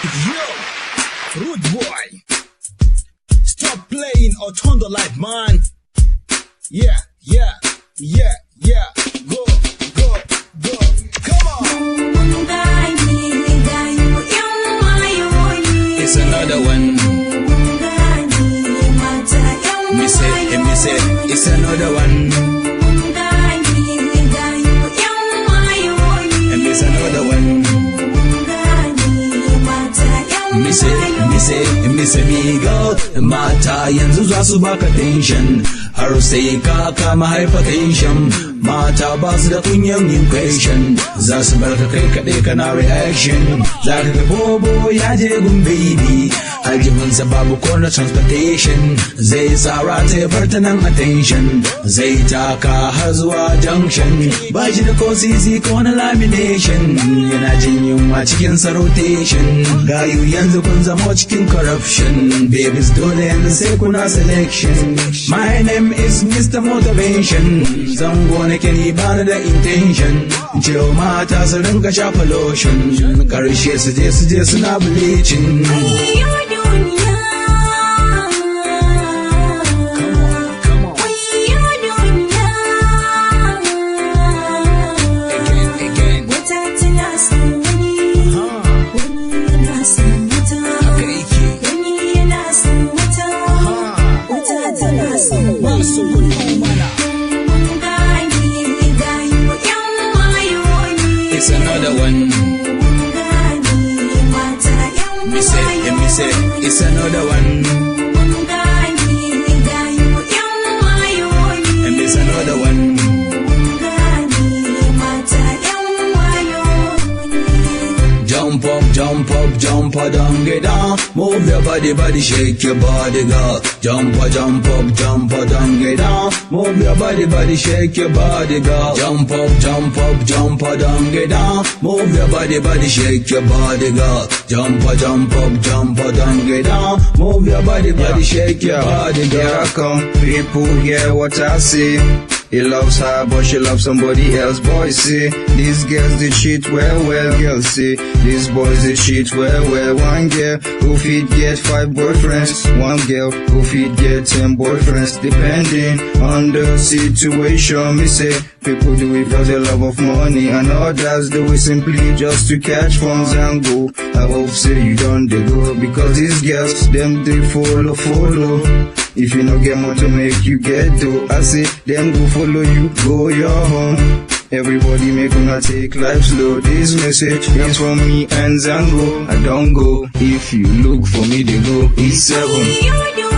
Yo, rude boy. Stop playing or turn the light, man. Yeah, yeah, yeah, yeah. Go, go, go. Come on. It's another one. sami girl mata yanzu za su baka tension har sai ka kama haifa kai shan mata ba su da kunyan yin question za su bar ka kai kaɗai kana reaction za ka ga bobo ya je gun baby aljihunsa babu kona transportation zai tsara ta ya farta nan attention zai taka har zuwa junction ba shi da ko sisi ko na lamination yana jin yunwa cikin sarotation gayu yanzu kun zama cikin corruption babies dole yanzu sai kuna selection my name name is Mr. Motivation zango nake ni bani da intention ce mata su rinka shafa lotion karshe su je su je suna bleaching It's another one. Jump up, jump a down, get down. Move your body, body, shake your body, girl. Jump up, jump up, jump a down, get down. Move your body, body, shake your body, girl. Jump up, jump up, jump a down, get down. Move your body, body, shake your body, girl. Jump up, jump up, jump a down, get down. Move your body, body, shake your body, girl. Here I come, people hear what I see. He loves her, but she loves somebody else. Boy, see, these girls they cheat well, well. Girls see, these boys they cheat well, well. One girl who feed get five boyfriends. One girl who feed get ten boyfriends. Depending on the situation, me say, people do it for the love of money. And others do it simply just to catch funds and go. I hope say you done the go. Because these girls, them they follow, follow. If you no get motor, make you get dough, I say, them go follow you, go your home. Everybody make gonna take life slow. This message comes from me and Zango. I don't go. If you look for me, they go. It's seven.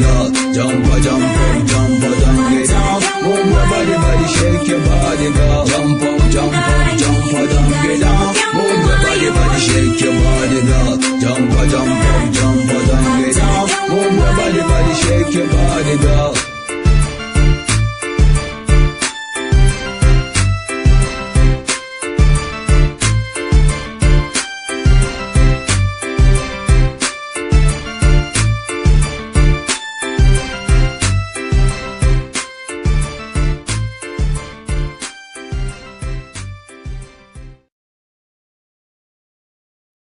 God Jump a jump up, jump a jump get up Move your body, body, shake your body girl Jump up, jump up, jump a jump get up Move your body, body, shake your body girl Jump a jump up, jump a jump get up Move your body, body, shake your body girl